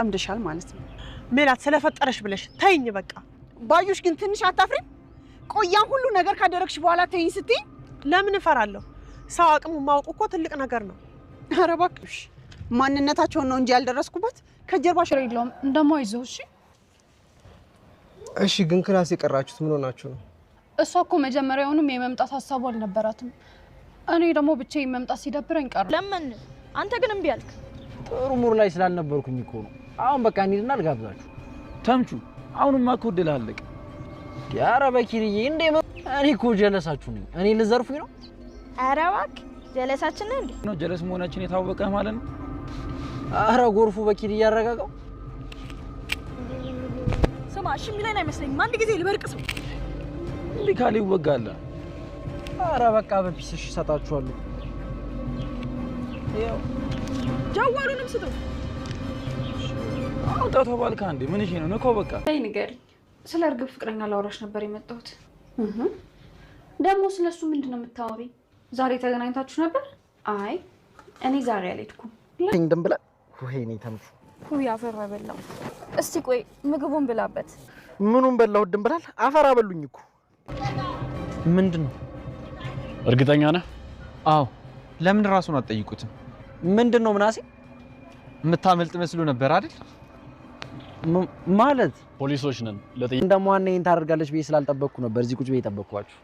ጠምደሻል ማለት ነው። ሜላት ስለፈጠረሽ ብለሽ ተይኝ በቃ። ባዩሽ ግን ትንሽ አታፍሪም? ቆያም ሁሉ ነገር ካደረግሽ በኋላ ተይኝ ስትይ ለምን እፈራለሁ? ሰው አቅሙ ማወቁ እኮ ትልቅ ነገር ነው። ኧረ እባክሽ ማንነታቸውን ነው እንጂ ያልደረስኩበት ከጀርባሽ የለውም። እንደማ ይዘው እሺ፣ እሺ። ግን ክላስ የቀራችሁት ምን ሆናችሁ ነው? እሷ እኮ መጀመሪያውንም የመምጣት ሀሳቡ አልነበራትም። እኔ ደግሞ ብቻዬን መምጣት ሲደብረኝ ቀረ። ለምን አንተ ግን እምቢ አልክ? ጥሩ ሙር ላይ ስላልነበርኩኝ እኮ ነው አሁን በቃ እንሂድና ልጋብዛችሁ። ተምቹ አሁንማ እኮ ድል አለቀ። ኧረ በኪሪዬ እንዴ! እኔ እኮ ጀለሳችሁ ነኝ። እኔ ልዘርፉኝ ነው? ኧረ እባክህ ጀለሳችን ነህ እንዴ? ነው ጀለስ መሆናችን የታወቀ ማለት ነው። ኧረ ጎርፉ በኪሪዬ እያረጋጋው። ስማ፣ እሺ የሚለኝ አይመስለኝም። አንድ ጊዜ ልበርቅ ሰው እንዲህ ካለ ይወጋል። ኧረ በቃ በፒስ እሺ፣ እሰጣችኋለሁ። ይኸው ጀዋሉንም ስጠው አውጣ ተባልካ እንዴ? ምን ነው ንኮ በቃ ላይ ንገሪኝ። ስለ እርግብ ፍቅረኛ ላውራሽ ነበር የመጣሁት። ደግሞ ስለ እሱ ምንድን ነው የምታወሪ? ዛሬ ተገናኝታችሁ ነበር? አይ እኔ ዛሬ አልሄድኩም ንድም ብላ ወይኔ ተምቹ አፈር በላው። እስቲ ቆይ ምግቡን ብላበት። ምኑን በላው? ድም ብላል። አፈር አበሉኝ እኮ ምንድን ነው? እርግጠኛ ነህ? አዎ። ለምን ራሱን አትጠይቁትም? ምንድን ነው ምናሴ? የምታመልጥ መስሎ ነበር አይደል? ማለት ፖሊሶች ነን። እንደሞ ዋና ይሄን ታደርጋለች ብዬ ስላልጠበቅኩ ነበር እዚህ ቁጭ ብዬ ጠበቅኳችሁ።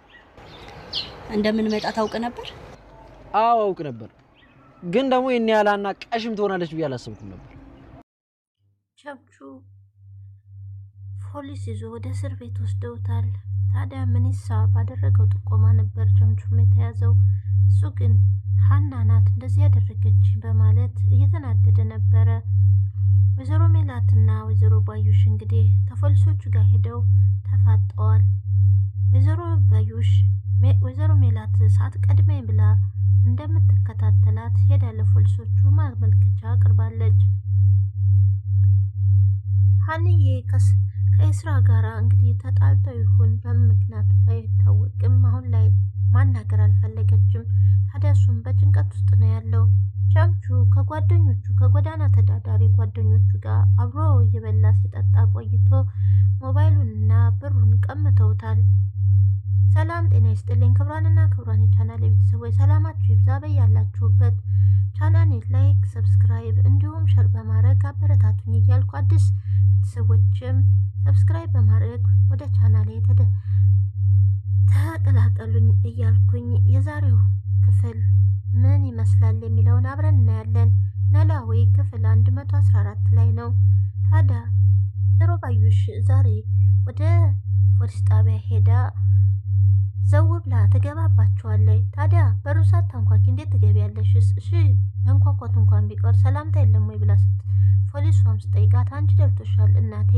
እንደምንመጣ ታውቅ ነበር? አዎ አውቅ ነበር፣ ግን ደግሞ ይሄን ያላና ቀሽም ትሆናለች ብዬ አላሰብኩም ነበር። ቸብቹ ፖሊስ ይዞ ወደ እስር ቤት ወስደውታል። ታዲያ ምንሳ ባደረገው ጥቆማ ነበር ቸምቹም የተያዘው። እሱ ግን ሀና ናት እንደዚህ ያደረገች በማለት እየተናደደ ነበረ። ወይዘሮ ሜላትና ወይዘሮ ባዩሽ እንግዲህ ከፖሊሶቹ ጋር ሄደው ተፋጠዋል። ወይዘሮ ባዩሽ ወይዘሮ ሜላት ሰዓት ቀድሜ ብላ እንደምትከታተላት ሄዳ ለፈልሶቹ ማመልከቻ አቅርባለች። ሀንዬ ከኤስራ ጋራ እንግዲህ ተጣልተው ይሁን በምክንያት ምክንያት ባይታወቅም አሁን ላይ ማናገር አልፈለገችም። ታዲያ እሱም በጭንቀት ውስጥ ነው ያለው። ቻምቹ ከጓደኞቹ ከጎዳና ተዳዳሪ ጓደኞቹ ጋር አብሮ እየበላ ሲጠጣ ቆይቶ ሞባይሉንና ብሩን ቀምተውታል። ሰላም ጤና ይስጥልኝ ክብራንና ክብራን የቻናል የቤተሰቦች ሰላማችሁ ይብዛ በያላችሁበት። ቻናሌን ላይክ፣ ሰብስክራይብ እንዲሁም ሸር በማድረግ አበረታቱኝ እያልኩ አዲስ ቤተሰቦችም ሰብስክራይብ በማድረግ ወደ ቻናሌ ተቀላቀሉኝ እያ እያልኩኝ የዛሬው ክፍል ምን ይመስላል የሚለውን አብረን እናያለን። ኖላዊ ክፍል 114 ላይ ነው። ታዲያ ሮ ባዩሽ ዛሬ ወደ ፖሊስ ጣቢያ ሄዳ ዘው ብላ ትገባባቸዋለች። ታዲያ በሩሳት ሳታንኳኪ እንዴት ትገቢያለሽ? እሺ መንኳኳቱ እንኳን ቢቀር ሰላምታ የለም ወይ ብላ ፖሊሷም ስጠይቃት አንቺ ደርቶሻል እናቴ፣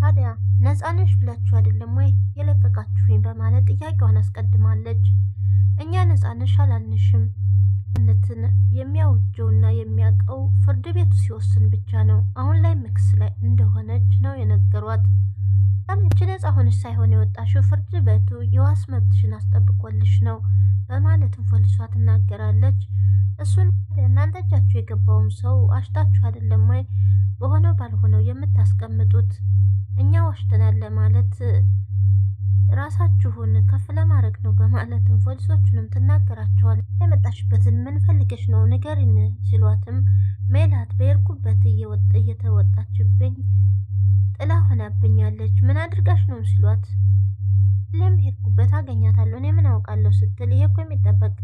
ታዲያ ነፃነሽ ብላችሁ አይደለም ወይ የለቀቃችሁኝ በማለት ጥያቄዋን አስቀድማለች። እኛ ነፃነሽ አላንሽም ነትን የሚያውጀውና የሚያውቀው ፍርድ ቤቱ ሲወስን ብቻ ነው። አሁን ላይ ምክስ ላይ እንደሆነች ነው የነገሯት። አንቺ ነጻ ሆነሽ ሳይሆን የወጣሽው ፍርድ ቤቱ የዋስ መብትሽን አስጠብቆልሽ ነው በማለትም ፖሊሷ ትናገራለች። እሱን እናንተ እጃችሁ የገባውን ሰው አሽታችሁ አይደለም ወይ በሆነው ባልሆነው የምታስቀምጡት? እኛ ዋሽተናል ለማለት ራሳችሁን ከፍ ለማድረግ ነው በማለትም ፖሊሶቹንም ትናገራቸዋል። የመጣሽበትን ምን ፈልገሽ ነው ንገሪን ሲሏትም ሜላት በሄድኩበት እየተወጣችብኝ ጥላ ሆናብኛለች ምን ምን አድርጋሽ ነው ሲሏት ለምሄድኩበት አገኛታለሁ እኔ ምን አውቃለሁ ስትል ይሄ እኮ የሚጠበቅ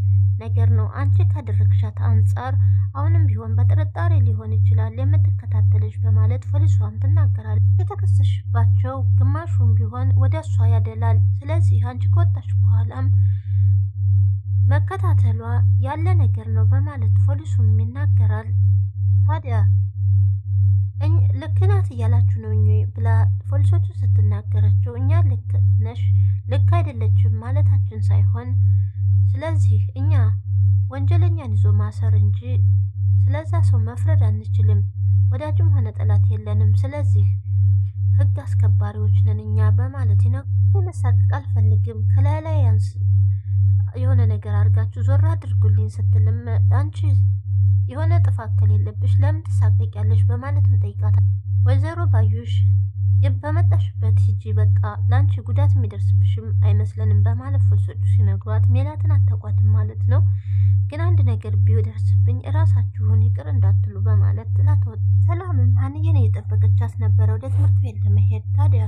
ነገር ነው። አንቺ ከድርክሻት አንጻር አሁንም ቢሆን በጥርጣሬ ሊሆን ይችላል የምትከታተልሽ በማለት ፖሊሷም ትናገራለች። የተከሰሽባቸው ግማሹም ቢሆን ወደ እሷ ያደላል። ስለዚህ አንቺ ከወጣሽ በኋላም መከታተሏ ያለ ነገር ነው በማለት ፖሊሱም ይናገራል። ታዲያ ልክ ናት እያላችሁ ነው ብላ ፖሊሶቹ ስትናገራቸው እኛ ልክ ነሽ፣ ልክ አይደለችም ማለታችን ሳይሆን ስለዚህ እኛ ወንጀለኛን ይዞ ማሰር እንጂ ስለዛ ሰው መፍረድ አንችልም። ወዳጅም ሆነ ጠላት የለንም። ስለዚህ ህግ አስከባሪዎች ነን እኛ በማለት ነው። መሳቀቅ አልፈልግም ከላይ ላይ የሆነ ነገር አድርጋችሁ ዞር አድርጉልኝ ስትልም አንቺ የሆነ ጥፋት ከሌለብሽ ለምን ትሳቀቂያለሽ? በማለትም ጠይቃታል። ወይዘሮ ባዩሽ በመጣሽበት ሂጂ፣ በቃ ለአንቺ ጉዳት የሚደርስብሽም አይመስለንም በማለት ፍልሶቹ ሲነግሯት ሜላትን አታውቋትም ማለት ነው፣ ግን አንድ ነገር ቢደርስብኝ እራሳችሁን ይቅር እንዳትሉ በማለት ጥላት ወጣች። ሰላምም ሀንዬን እየጠበቀቻት ነበረ ወደ ትምህርት ቤት ለመሄድ ታዲያ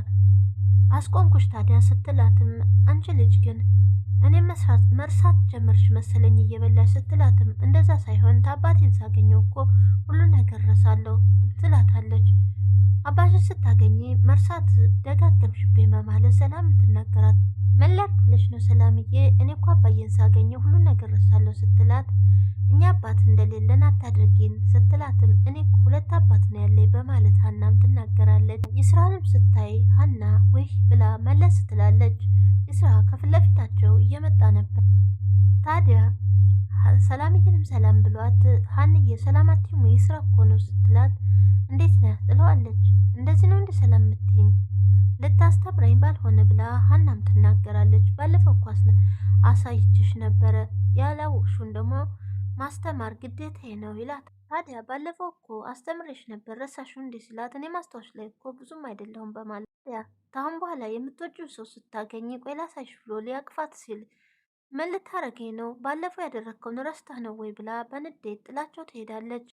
አስቆምኩሽ ታዲያ ስትላትም አንቺ ልጅ ግን እኔም መርሳት ጀመርሽ መሰለኝ እየበላሽ ስትላትም እንደዛ ሳይሆን ታባቴን ሳገኘው እኮ ሁሉ ነገር ረሳለሁ ትላታለች። አባሽን ስታገኘ መርሳት ደጋገምሽብኝ በማለት ሰላም ትናገራት ምን ላድርግልሽ ነው ሰላምዬ፣ እኔ እኮ አባዬን ሳገኘው ሁሉ ነገር ረሳለሁ ስትላት እኛ አባት እንደሌለን አታድርጊን ስትላትም እኔ ሁለት አባት ነው ያለኝ በማለት ሀናም ትናገራለች። ይስራንም ስታይ ሀና ውህ ብላ መለስ ትላለች። ይስራ ከፊት ለፊታቸው እየመጣ ነበር። ታዲያ ሰላምዬንም ሰላም ብሏት ሀንዬ ሰላማችን ይስራ እኮ ነው ስትላት እንዴት ነህ ትለዋለች። እንደዚህ ነው እንደ ሰላም ምትይኝ ልታስተምረኝ ባልሆነ ብላ ሀናም ትናገራለች። ባለፈው ኳስ አሳይችሽ ነበረ ያላወቅሽውን ደግሞ ማስተማር ግዴታዬ ነው ይላት። ታዲያ ባለፈው እኮ አስተምሬሽ ነበር ረሳሽው እንዲህ ሲላት እኔ ማስታወስ ላይ እኮ ብዙም አይደለሁም በማለት ታዲያ ታሁን በኋላ የምትወጂውን ሰው ስታገኝ ቆይ ላሳይሽ ብሎ ሊያቅፋት ሲል ምን ልታረገኝ ነው? ባለፈው ያደረግከውን ረስተህ ነው ወይ ብላ በንዴት ጥላቸው ትሄዳለች።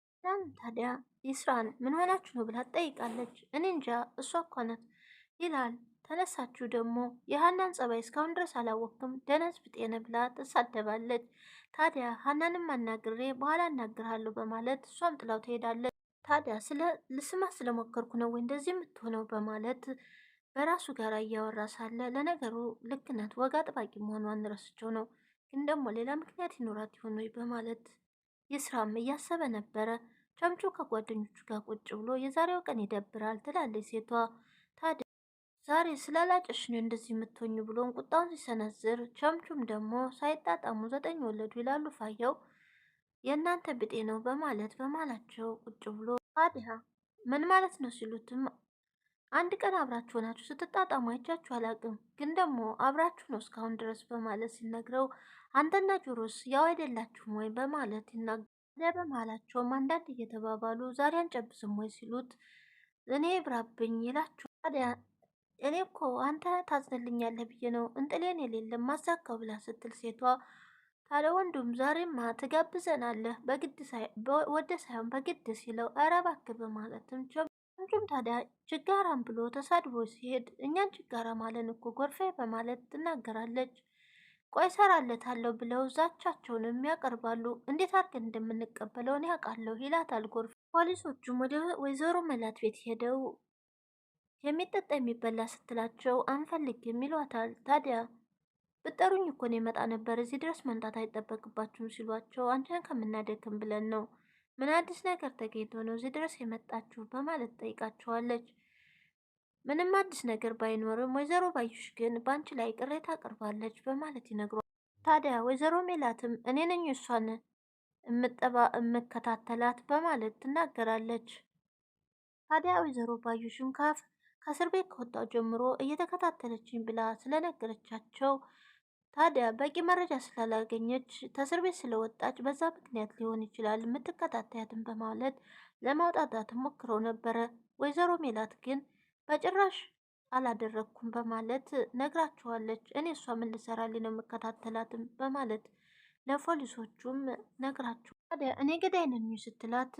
ታዲያ ይስራን ምን ሆናችሁ ነው ብላ ትጠይቃለች። እኔ እንጃ እሷ እኮ ናት ይላል። ተነሳችሁ ደግሞ የሀናን ጸባይ እስካሁን ድረስ አላወቅም፣ ደነዝ ብጤነ ብላ ትሳደባለች። ታዲያ ሀናንም አናግሬ በኋላ አናግርሃለሁ በማለት እሷም ጥላው ትሄዳለች። ታዲያ ስለ ልስማ ስለሞከርኩ ነው ወይ እንደዚህ የምትሆነው በማለት በራሱ ጋር እያወራ ሳለ ለነገሩ ልክነት ወጋ ወግ አጥባቂ መሆኗን ረስቸው ነው ግን ደግሞ ሌላ ምክንያት ይኖራት ይሆን ወይ በማለት የስራም እያሰበ ነበረ። ቻምቾ ከጓደኞቹ ጋር ቁጭ ብሎ የዛሬው ቀን ይደብራል ትላለች ሴቷ። ዛሬ ስላላጨሽ ነው እንደዚህ የምትሆኝ ብሎን ቁጣውን ሲሰነዝር፣ ቸምቹም ደግሞ ሳይጣጣሙ ዘጠኝ ወለዱ ይላሉ ፋየው የእናንተ ብጤ ነው በማለት በማላቸው ቁጭ ብሎ አዲሃ ምን ማለት ነው ሲሉትም አንድ ቀን አብራችሁ ናችሁ ስትጣጣሙ አይቻችሁ አላቅም፣ ግን ደግሞ አብራችሁ ነው እስካሁን ድረስ በማለት ሲነግረው አንተና ጆሮስ ያው አይደላችሁም ወይ በማለት ይናገራል። በመሀላቸውም አንዳንድ እየተባባሉ ዛሬ አንጨብስም ወይ ሲሉት እኔ ብራብኝ ይላችሁ ታዲያ እኔ እኮ አንተ ታዝንልኛለህ ብዬ ነው እንጥሌን የሌለም ማሳካው ብላ ስትል ሴቷ ታለ ወንዱም ዛሬማ ትጋብዘናለህ በግድ ወደ ሳይሆን በግድ ሲለው ኧረ እባክህ በማለትም ቸምቹም ታዲያ ችጋራም ብሎ ተሳድቦ ሲሄድ እኛን ችጋራ ማለን እኮ ጎርፌ በማለት ትናገራለች። ቆይ ሰራለታለሁ ብለው ዛቻቸውንም ያቀርባሉ። እንዴት አድርገን እንደምንቀበለውን ያውቃለሁ ይላታል ጎርፌ። ፖሊሶቹም ወደ ወይዘሮ መላት ቤት ሄደው የሚጠጣ የሚበላ ስትላቸው አንፈልግም ይሏታል። ታዲያ ብጠሩኝ እኮ ነው የመጣ ነበር እዚህ ድረስ መምጣት አይጠበቅባችሁም ሲሏቸው አንቺን ከምናደክም ብለን ነው ምን አዲስ ነገር ተገኝቶ ነው እዚህ ድረስ የመጣችሁ በማለት ጠይቃችኋለች። ምንም አዲስ ነገር ባይኖርም ወይዘሮ ባዩሽ ግን በአንቺ ላይ ቅሬታ አቅርባለች በማለት ይነግሯል። ታዲያ ወይዘሮ ሜላትም እኔ ነኝ እሷን እምጠባ እምከታተላት በማለት ትናገራለች። ታዲያ ወይዘሮ ባዩሽን ካፍ ከእስር ቤት ከወጣው ጀምሮ እየተከታተለችኝ ብላ ስለነገረቻቸው ታዲያ በቂ መረጃ ስላላገኘች ከእስር ቤት ስለወጣች በዛ ምክንያት ሊሆን ይችላል የምትከታተያትን በማለት ለማውጣታት ሞክረው ነበረ። ወይዘሮ ሜላት ግን በጭራሽ አላደረግኩም በማለት ነግራቸዋለች። እኔ እሷ ምን ልሰራልኝ ነው የምከታተላትም በማለት ለፖሊሶቹም ነግራቸው ታዲያ እኔ ገዳይ ነኝ ስትላት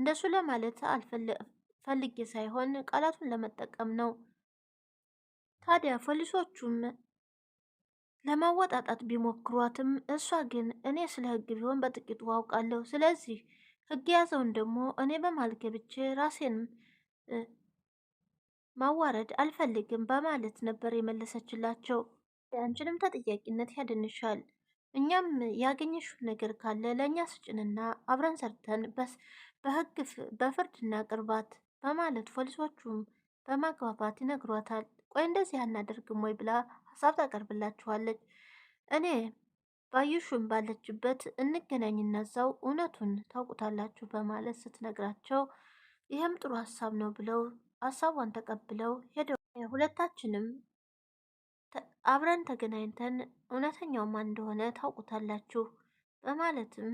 እንደሱ ለማለት አልፈለግም ፈልጌ ሳይሆን ቃላቱን ለመጠቀም ነው። ታዲያ ፖሊሶቹም ለማወጣጣት ቢሞክሯትም እሷ ግን እኔ ስለ ህግ ቢሆን በጥቂቱ አውቃለሁ። ስለዚህ ህግ የያዘውን ደግሞ እኔ በማል ገብቼ ራሴን ማዋረድ አልፈልግም በማለት ነበር የመለሰችላቸው። አንቺንም ተጠያቂነት ያድንሻል። እኛም ያገኘሽው ነገር ካለ ለእኛ ስጭንና አብረን ሰርተን በህግ በፍርድ እናቅርባት በማለት ፖሊሶቹም በማግባባት ይነግሯታል። ቆይ እንደዚህ አናደርግም ወይ ብላ ሀሳብ ታቀርብላችኋለች። እኔ ባዩሹም ባለችበት እንገናኝ ነዛው እውነቱን ታውቁታላችሁ በማለት ስትነግራቸው ይህም ጥሩ ሀሳብ ነው ብለው ሀሳቧን ተቀብለው ሄደው ሁለታችንም አብረን ተገናኝተን እውነተኛው ማን እንደሆነ ታውቁታላችሁ በማለትም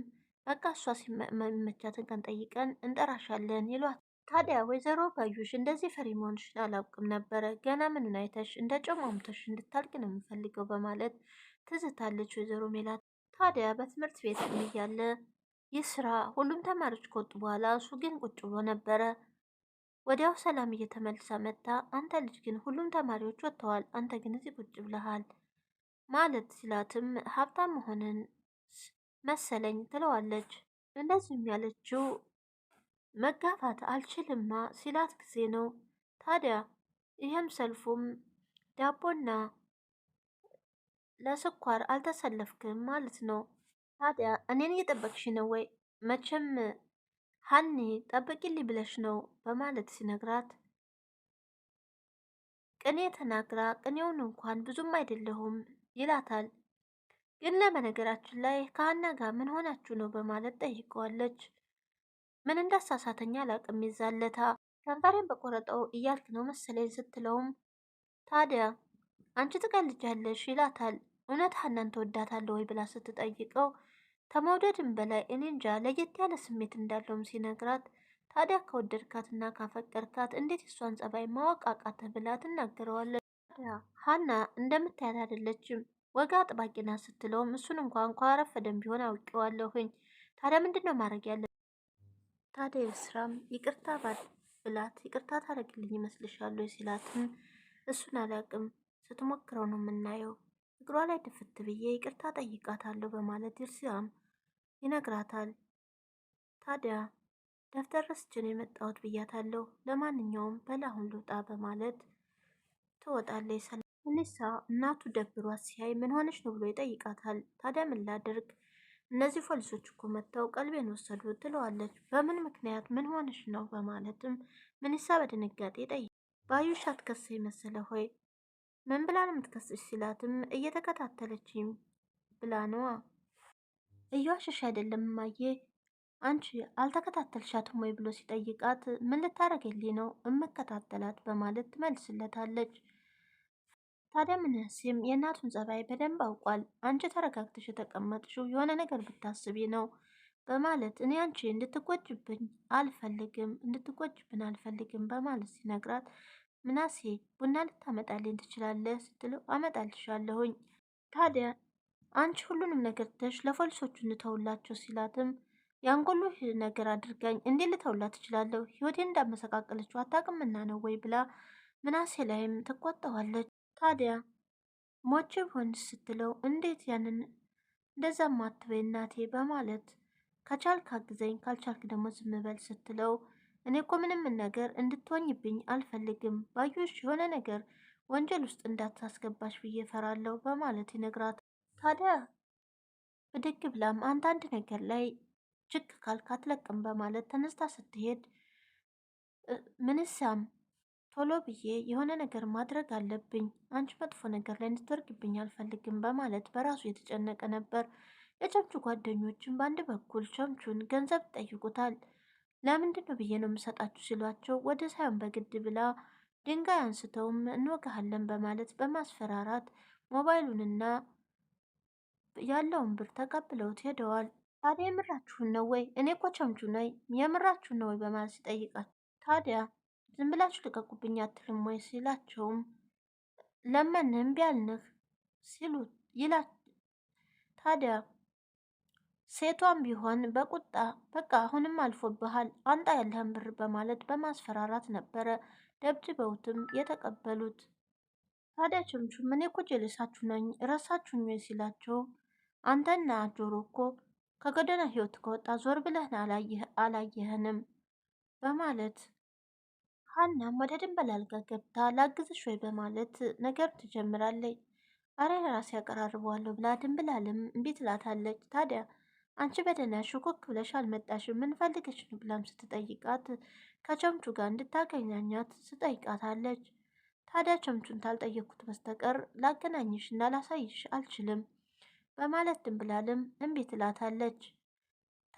በቃ እሷ ሲመቻትን ቀን ጠይቀን እንጠራሻለን ይሏት ታዲያ ወይዘሮ ባዩሽ እንደዚህ ፈሪ መሆንሽን አላውቅም ነበረ። ገና ምንን አይተሽ እንደ ጨሟሙተሽ እንድታልቅ ነው የምፈልገው በማለት ትዝታለች ወይዘሮ ሜላት። ታዲያ በትምህርት ቤት እያለ ስራ ሁሉም ተማሪዎች ከወጡ በኋላ እሱ ግን ቁጭ ብሎ ነበረ። ወዲያው ሰላም እየተመልሳ መታ፣ አንተ ልጅ ግን ሁሉም ተማሪዎች ወጥተዋል፣ አንተ ግን እዚህ ቁጭ ብለሃል ማለት ሲላትም ሀብታም መሆንን መሰለኝ ትለዋለች። እንደዚህም ያለችው መጋፋት አልችልማ ሲላት ጊዜ ነው። ታዲያ ይህም ሰልፉም ዳቦና ለስኳር አልተሰለፍክም ማለት ነው። ታዲያ እኔን እየጠበቅሽ ነው ወይ? መቼም ሀኒ ጠብቂልኝ ብለሽ ነው በማለት ሲነግራት ቅኔ ተናግራ ቅኔውን እንኳን ብዙም አይደለሁም ይላታል። ግን ለመነገራችን ላይ ከሀና ጋር ምን ሆናችሁ ነው በማለት ጠይቀዋለች። ምን እንዳሳሳተኛ አላቅም። ይዛለታ ከንፈሬን በቆረጠው እያልክ ነው መሰለኝ ስትለውም ታዲያ አንቺ ትቀልጃለሽ ይላታል። እውነት ሀናን ተወዳታለ ወይ ብላ ስትጠይቀው ተመውደድም በላይ እኔ እንጃ ለየት ያለ ስሜት እንዳለውም ሲነግራት ታዲያ ከወደድካትና ካፈቀርካት እንዴት እሷን ጸባይ ማወቅ አቃተህ ብላ ትናገረዋለች። ታዲያ ሀና እንደምታያት አይደለችም ወጋ አጥባቂና ስትለውም እሱን እንኳ እንኳ ረፈደም ቢሆን አውቄዋለሁኝ። ታዲያ ምንድን ነው ማድረግ ያለ ታዲያ ስራም ይቅርታ ብላት ይቅርታ ታደርግልኝ ይመስልሻሉ ሲላትም እሱን አላቅም ስትሞክረው ነው የምናየው እግሯ ላይ ድፍት ብዬ ይቅርታ ጠይቃታለሁ በማለት ይርሲያም ይነግራታል። ታዲያ ደብተር ረስቼ ነው የመጣሁት ብያታለሁ። ለማንኛውም በላሁን ልውጣ በማለት ትወጣለች። ሰላም እኔሳ እናቱ ደብሯት ሲያይ ምን ሆነች ነው ብሎ ይጠይቃታል። ታዲያ ምን ላድርግ እነዚህ ፖሊሶች እኮ መጥተው ቀልቤን ወሰዱ ትለዋለች። በምን ምክንያት ምን ሆንሽ ነው በማለትም ምንሳ በድንጋጤ ጠይ ባዩሽ አትከስ መሰለ ሆይ ምን ብላ ነው የምትከስሽ ሲላትም እየተከታተለች ብላ ነዋ እየዋሸሽ አይደለም ማየ አንቺ አልተከታተልሻትም ወይ ብሎ ሲጠይቃት ምን ልታረግልኝ ነው እመከታተላት በማለት ትመልስለታለች። ታዲያ ምናሴም የእናቱን ጸባይ በደንብ አውቋል። አንቺ ተረጋግተሽ የተቀመጥሽው የሆነ ነገር ብታስቢ ነው በማለት እኔ አንቺ እንድትቆጭብኝ አልፈልግም እንድትቆጭብን አልፈልግም በማለት ሲነግራት ምናሴ ቡና ልታመጣልኝ ትችላለህ ስትለው አመጣልሻለሁኝ። ታዲያ አንቺ ሁሉንም ነገር ትተሽ ለፖሊሶቹ እንተውላቸው ሲላትም የአንጎሉ ነገር አድርገኝ እንዴ ልተውላ ትችላለሁ? ህይወቴን እንዳመሰቃቀለችው አታቅምና ነው ወይ ብላ ምናሴ ላይም ትቆጠዋለች። ታዲያ ሞቼ ሆን ስትለው እንዴት ያንን እንደዛም አትበይ እናቴ በማለት ከቻልክ አግዘኝ፣ ካልቻልክ ደግሞ ዝም በል ስትለው እኔ እኮ ምንም ነገር እንድትወኝብኝ አልፈልግም፣ ባዩሽ የሆነ ነገር ወንጀል ውስጥ እንዳታስገባሽ ብዬ ፈራለሁ በማለት ይነግራት። ታዲያ ብድግ ብላም አንዳንድ ነገር ላይ ችክ ካልክ አትለቅም በማለት ተነስታ ስትሄድ ምንሳም ቶሎ ብዬ የሆነ ነገር ማድረግ አለብኝ፣ አንቺ መጥፎ ነገር ላይ እንድትወርግብኝ አልፈልግም በማለት በራሱ የተጨነቀ ነበር። የቸምቹ ጓደኞችን በአንድ በኩል ቸምቹን ገንዘብ ጠይቁታል። ለምንድን ነው ብዬ ነው የምሰጣችሁ ሲሏቸው ወደ ሳይሆን በግድ ብላ ድንጋይ አንስተውም እንወጋሃለን በማለት በማስፈራራት ሞባይሉንና ያለውን ብር ተቀብለውት ሄደዋል። ታዲያ የምራችሁን ነው ወይ? እኔ እኮ ቸምቹ ነኝ፣ የምራችሁን ነው ወይ በማለት ሲጠይቃቸው ታዲያ ዝም ብላችሁ ልቀቁብኝ አትልም ወይ ሲላቸውም ለምን እምቢ አልንህ ሲሉት ይላል። ታዲያ ሴቷም ቢሆን በቁጣ በቃ አሁንም አልፎብሃል አንጣ ያለህን ብር በማለት በማስፈራራት ነበረ ደብድበውትም የተቀበሉት። ታዲያ ችምቹም እኔ እኮ ጀሌሳችሁ ነኝ ረሳችሁኝ ወይ ሲላቸው አንተና ጆሮ እኮ ከጎዳና ህይወት ከወጣ ዞር ብለህን አላየህንም በማለት ሀናም ወደ ድንበል አልጋ ገብታ ላግዝሽ ወይ በማለት ነገር ትጀምራለች። አረ ራሴ ያቀራርበዋለሁ ብላ ድንብላልም እምቢ ትላታለች። ታዲያ አንቺ በደህናሽ ኮክ ብለሽ አልመጣሽ ምን ፈልገሽ ነው ብላም ስትጠይቃት ከቸምቹ ጋር እንድታገኛኛት ስጠይቃታለች። ታዲያ ቸምቹን ታልጠየቅኩት በስተቀር ላገናኝሽ እና ላሳይሽ አልችልም በማለት ድንብላልም እምቢ ትላታለች።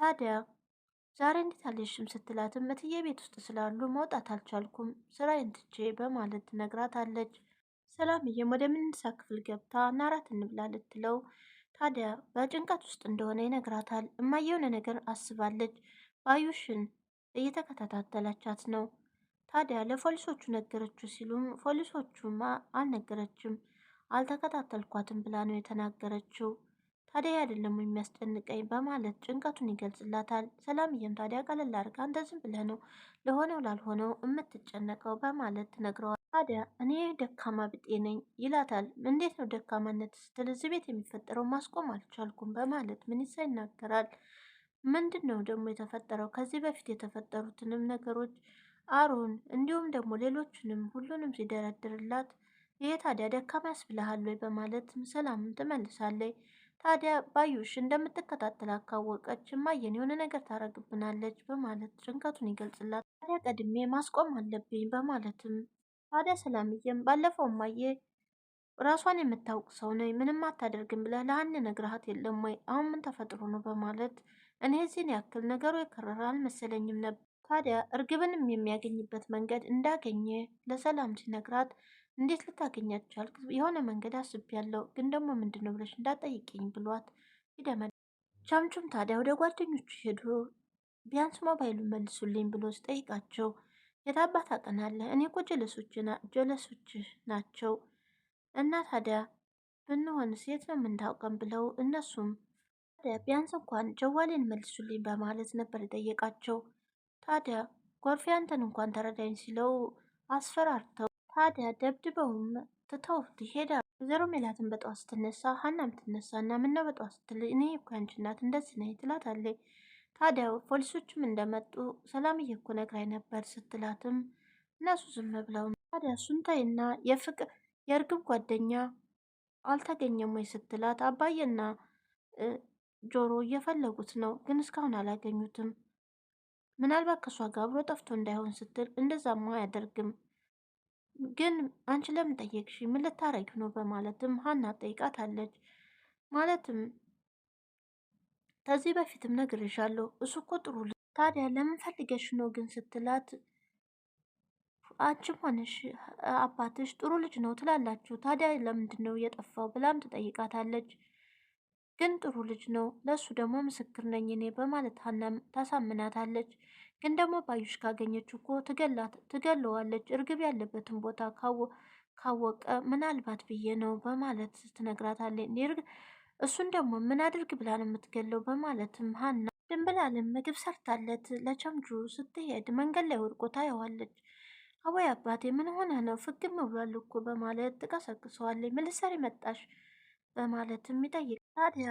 ታዲያ ዛሬ እንዴት ስትላት ስትላትም እትዬ ቤት ውስጥ ስላሉ መውጣት አልቻልኩም ስራዬን ትቼ በማለት ትነግራታለች። ሰላምዬም ወደ ምንሳ ክፍል ገብታ ናራት እንብላ ልትለው ታዲያ በጭንቀት ውስጥ እንደሆነ ይነግራታል። እማየውነ የሆነ ነገር አስባለች። ባዩሽን እየተከታተለቻት ነው። ታዲያ ለፖሊሶቹ ነገረችው ሲሉም ፖሊሶቹማ አልነገረችም አልተከታተልኳትም ብላ ነው የተናገረችው። ታዲያ አይደለም የሚያስጨንቀኝ በማለት ጭንቀቱን ይገልጽላታል። ሰላምዬም ታዲያ ቀለል አድርጋ አንተ ዝም ብለህ ነው ለሆነው ላልሆነው የምትጨነቀው በማለት ትነግረዋል። ታዲያ እኔ ደካማ ብጤ ነኝ ይላታል። እንዴት ነው ደካማነት ስትል እዚህ ቤት የሚፈጠረው ማስቆም አልቻልኩም በማለት ምንሳ ይናገራል። ምንድን ነው ደግሞ የተፈጠረው? ከዚህ በፊት የተፈጠሩትንም ነገሮች አሩን እንዲሁም ደግሞ ሌሎችንም ሁሉንም ሲደረድርላት ይሄ ታዲያ ደካማ ያስብልሃል ወይ በማለት ሰላምን ትመልሳለች። ታዲያ ባዩሽ እንደምትከታተል አካወቀች ማየን የሆነ ነገር ታረግብናለች በማለት ጭንቀቱን ይገልጽላት። ታዲያ ቀድሜ ማስቆም አለብኝ በማለትም ታዲያ ሰላምዬም ባለፈው ማየ ራሷን የምታውቅ ሰው ነኝ ምንም አታደርግም ብለህ ለአን ነግረሃት የለም ወይ? አሁን ምን ተፈጥሮ ነው በማለት እኔ እዚህን ያክል ነገሩ የከረረ አልመሰለኝም ነበር። ታዲያ እርግብንም የሚያገኝበት መንገድ እንዳገኘ ለሰላም ሲነግራት እንዴት ልታገኛት ቻልክ? የሆነ መንገድ ያለው ግን ደግሞ ምንድን ነው ብለሽ እንዳጠይቅኝ ብሏት ይደመ ቻምቹም ታዲያ ወደ ጓደኞቹ ሄዶ ቢያንስ ሞባይሉን መልሱልኝ ብሎ ስጠይቃቸው የታባት አቀናለ እኔ እኮ ጀለሶች ናቸው እና ታዲያ ብንሆን ሴት ነው የምንታውቀን ብለው እነሱም ቢያንስ እንኳን ጀዋሌን መልሱልኝ በማለት ነበር የጠየቃቸው። ታዲያ ጎርፌ አንተን እንኳን ተረዳኝ ሲለው አስፈራርተው ታዲያ ደብድበውም ትተው ይሄዳሉ። ወይዘሮ ሜላትን በጠዋት ስትነሳ ሀናም እና ምነው በጠዋት ስትል እኔ እኮ ያንቺ እናት እንደዚህ ነኝ ትላታለች። ታዲያ ፖሊሶችም እንደመጡ ሰላምዬ እኮ ነግራኝ ነበር ስትላትም እነሱ ዝም ብለው ታዲያ እሱን ታይና የፍቅር የእርግብ ጓደኛ አልተገኘም ወይ ስትላት አባዬና ጆሮ እየፈለጉት ነው፣ ግን እስካሁን አላገኙትም። ምናልባት ከሷ ጋር አብሮ ጠፍቶ እንዳይሆን ስትል እንደዛማ አያደርግም ግን አንቺ ለምን ጠየቅሽ? ምን ልታረግ ነው? በማለትም ሀና ጠይቃታለች። ማለትም ከዚህ በፊትም ነግሬሻለሁ፣ እሱ እኮ ጥሩ ልጅ፣ ታዲያ ለምን ፈልገሽ ነው ግን ስትላት አንቺም ሆነሽ አባትሽ ጥሩ ልጅ ነው ትላላችሁ፣ ታዲያ ለምንድን ነው የጠፋው ብላም ትጠይቃታለች። ግን ጥሩ ልጅ ነው፣ ለእሱ ደግሞ ምስክር ነኝ እኔ በማለት ሀናም ታሳምናታለች። ግን ደግሞ ባዩሽ ካገኘች እኮ ትገላት ትገለዋለች። እርግብ ያለበትን ቦታ ካወቀ ምናልባት ብዬ ነው በማለት ትነግራታለች። እሱን ደግሞ ምን አድርግ ብላን የምትገለው በማለትም ሀና ድንብላልን ምግብ ሰርታለት ለቸምቹ ስትሄድ መንገድ ላይ ወድቆ ታየዋለች። አወይ አባቴ ምን ሆነ ነው ፍግም ብሏል እኮ በማለት ትቀሰቅሰዋለች። ምልሰር መጣሽ በማለትም ይጠይቅ ታዲያ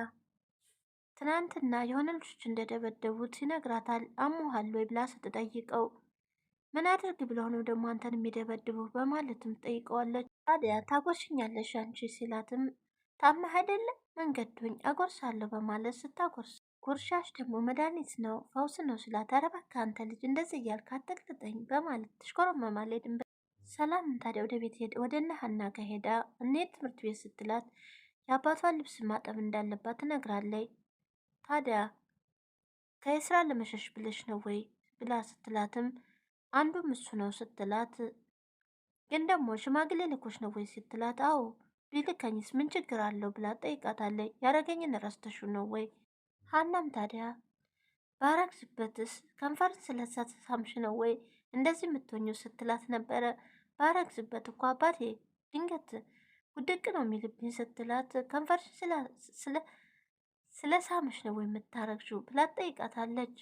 ትናንትና የሆነ ልጆች እንደደበደቡት ይነግራታል። አሞሃል ወይ ብላ ስትጠይቀው ምን አድርግ ብለው ነው ደግሞ አንተን የሚደበድቡ በማለትም ትጠይቀዋለች። ታዲያ ታጎርሽኛለሽ አንቺ ሲላትም ታማ አይደለ መንገዱኝ አጎርሳለሁ በማለት ስታጎርስ ጉርሻሽ ደግሞ መድኃኒት ነው ፈውስ ነው ስላት ኧረ እባክህ አንተ ልጅ እንደዚህ እያልክ አትቅጥጠኝ በማለት ትሽኮረመማለች። ድንበር ሰላም ታዲያ ወደ ቤት ሄድ ወደ እነ ሀና ሄዳ እኔ ትምህርት ቤት ስትላት የአባቷን ልብስ ማጠብ እንዳለባት ትነግራለች። ታዲያ ከስራ ለመሸሽ ብለሽ ነው ወይ ብላ ስትላትም አንዱም እሱ ነው ስትላት፣ ግን ደግሞ ሽማግሌ ልኮች ነው ወይ ስትላት፣ አዎ ቢልከኝስ ምን ችግር አለው ብላ ጠይቃታለች። ያረገኝን ረስተሹ ነው ወይ? ሀናም ታዲያ ባረግዝበትስ ከንፈር ስለሳት ሳምሽ ነው ወይ እንደዚህ የምትሆኙ ስትላት ነበረ። ባረግዝበት እኮ አባቴ ድንገት ውድቅ ነው የሚልብኝ ስትላት ከንፈር ስለ ስለ ሳምሽ ነው የምታረግሽው ብላ ጠይቃታለች።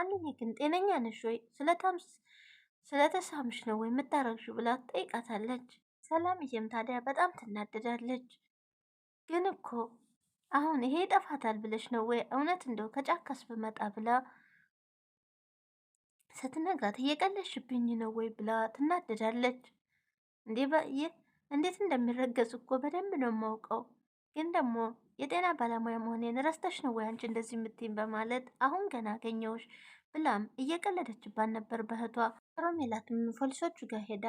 አንድዬ ግን ጤነኛ ነሽ ወይ ስለተሳምሽ ነው የምታረግሽው ብላ ጠይቃታለች። ሰላምዬም ታዲያ በጣም ትናደዳለች። ግን እኮ አሁን ይሄ ይጠፋታል ብለሽ ነው ወይ እውነት እንደው ከጫካስ ብመጣ ብላ ስትነግራት እየቀለሽብኝ ነው ወይ ብላ ትናደዳለች። እንዴት እንደሚረገዝ እኮ በደንብ ነው የማውቀው ግን ደግሞ የጤና ባለሙያ መሆኔን ረስተሽ ነው ወይ አንቺ እንደዚህ የምትይኝ? በማለት አሁን ገና አገኘሁሽ ብላም እየቀለደችባት ነበር በእህቷ። ሮሜላትም ፖሊሶቹ ጋር ሄዳ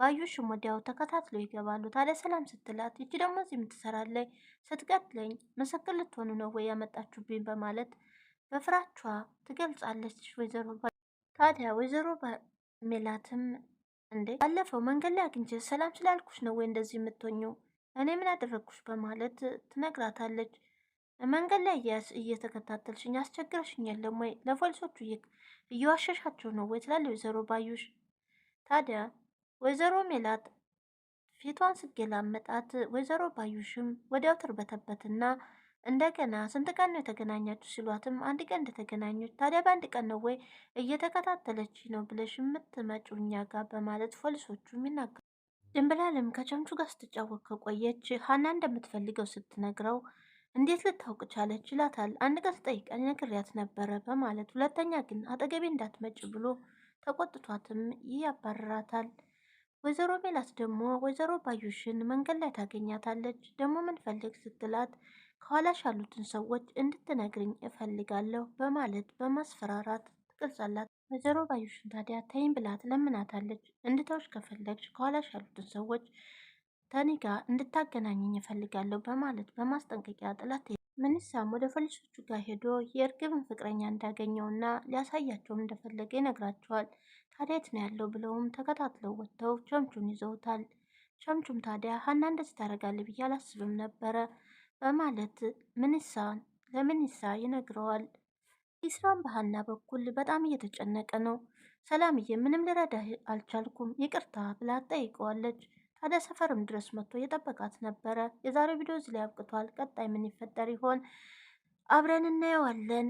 ባዩሽም ወዲያው ተከታትሎ ይገባሉ። ታዲያ ሰላም ስትላት ይቺ ደግሞ እዚህ የምትሰራለኝ ስትቀጥለኝ ምስክር ልትሆኑ ነው ወይ ያመጣችሁብኝ? በማለት በፍራቿ ትገልጻለች ወይዘሮ ታዲያ ወይዘሮ ሜላትም እንዴ ባለፈው መንገድ ላይ አግኝቼ ሰላም ስላልኩሽ ነው ወይ እንደዚህ የምትሆኙ እኔ ምን አደረግኩሽ በማለት ትነግራታለች። መንገድ ላይ እየተከታተልሽኝ አስቸግረሽኝ የለም ወይ? ለፖሊሶቹ እየዋሸሻቸው ነው ወይ? ትላለች ወይዘሮ ባዩሽ። ታዲያ ወይዘሮ ሜላት ፊቷን ስገላመጣት ወይዘሮ ባዩሽም ወዲያው ትርበተበትና እንደገና ስንት ቀን ነው የተገናኛችሁ ሲሏትም አንድ ቀን እንደተገናኙት ታዲያ በአንድ ቀን ነው ወይ እየተከታተለች ነው ብለሽ የምትመጪው እኛ ጋር በማለት ፖሊሶቹም ይናገሩ ድንብላልም ከቸምቹ ጋር ስትጫወት ከቆየች ሀና እንደምትፈልገው ስትነግረው እንዴት ልታውቅ ቻለች ይላታል። አንድ ቀን ስጠይቀን ነግሬያት ነበረ በማለት ሁለተኛ ግን አጠገቤ እንዳትመጭ ብሎ ተቆጥቷትም ያባርራታል። ወይዘሮ ሜላት ደግሞ ወይዘሮ ባዩሽን መንገድ ላይ ታገኛታለች። ደግሞ ምን ፈልግ ስትላት ከኋላሽ ያሉትን ሰዎች እንድትነግርኝ እፈልጋለሁ በማለት በማስፈራራት ትገልጻላት። ወይዘሮ ባዩሽን ታዲያ ተይም ብላ ትለምናታለች። እንድታውሽ ከፈለግሽ ከኋላሽ ያሉትን ሰዎች ከኔ ጋር እንድታገናኘኝ እፈልጋለሁ በማለት በማስጠንቀቂያ ጥላት ምንሳም ወደ ፈሊሶቹ ጋር ሄዶ የእርግብን ፍቅረኛ እንዳገኘውና ሊያሳያቸውም እንደፈለገ ይነግራቸዋል። ታዲያ የት ነው ያለው ብለውም ተከታትለው ወጥተው ቸምቹን ይዘውታል። ቸምቹም ታዲያ ሀና እንደዚህ ታደርጋለች ብዬ አላስብም ነበረ በማለት ምንሳ ለምንሳ ይነግረዋል። ኢስራም በሀና በኩል በጣም እየተጨነቀ ነው። ሰላምዬ ምንም ልረዳህ አልቻልኩም ይቅርታ ብላ ጠይቀዋለች። ታዲያ ሰፈርም ድረስ መጥቶ የጠበቃት ነበረ። የዛሬው ቪዲዮ እዚህ ላይ አብቅቷል። ቀጣይ ምን ይፈጠር ይሆን? አብረን እናየዋለን።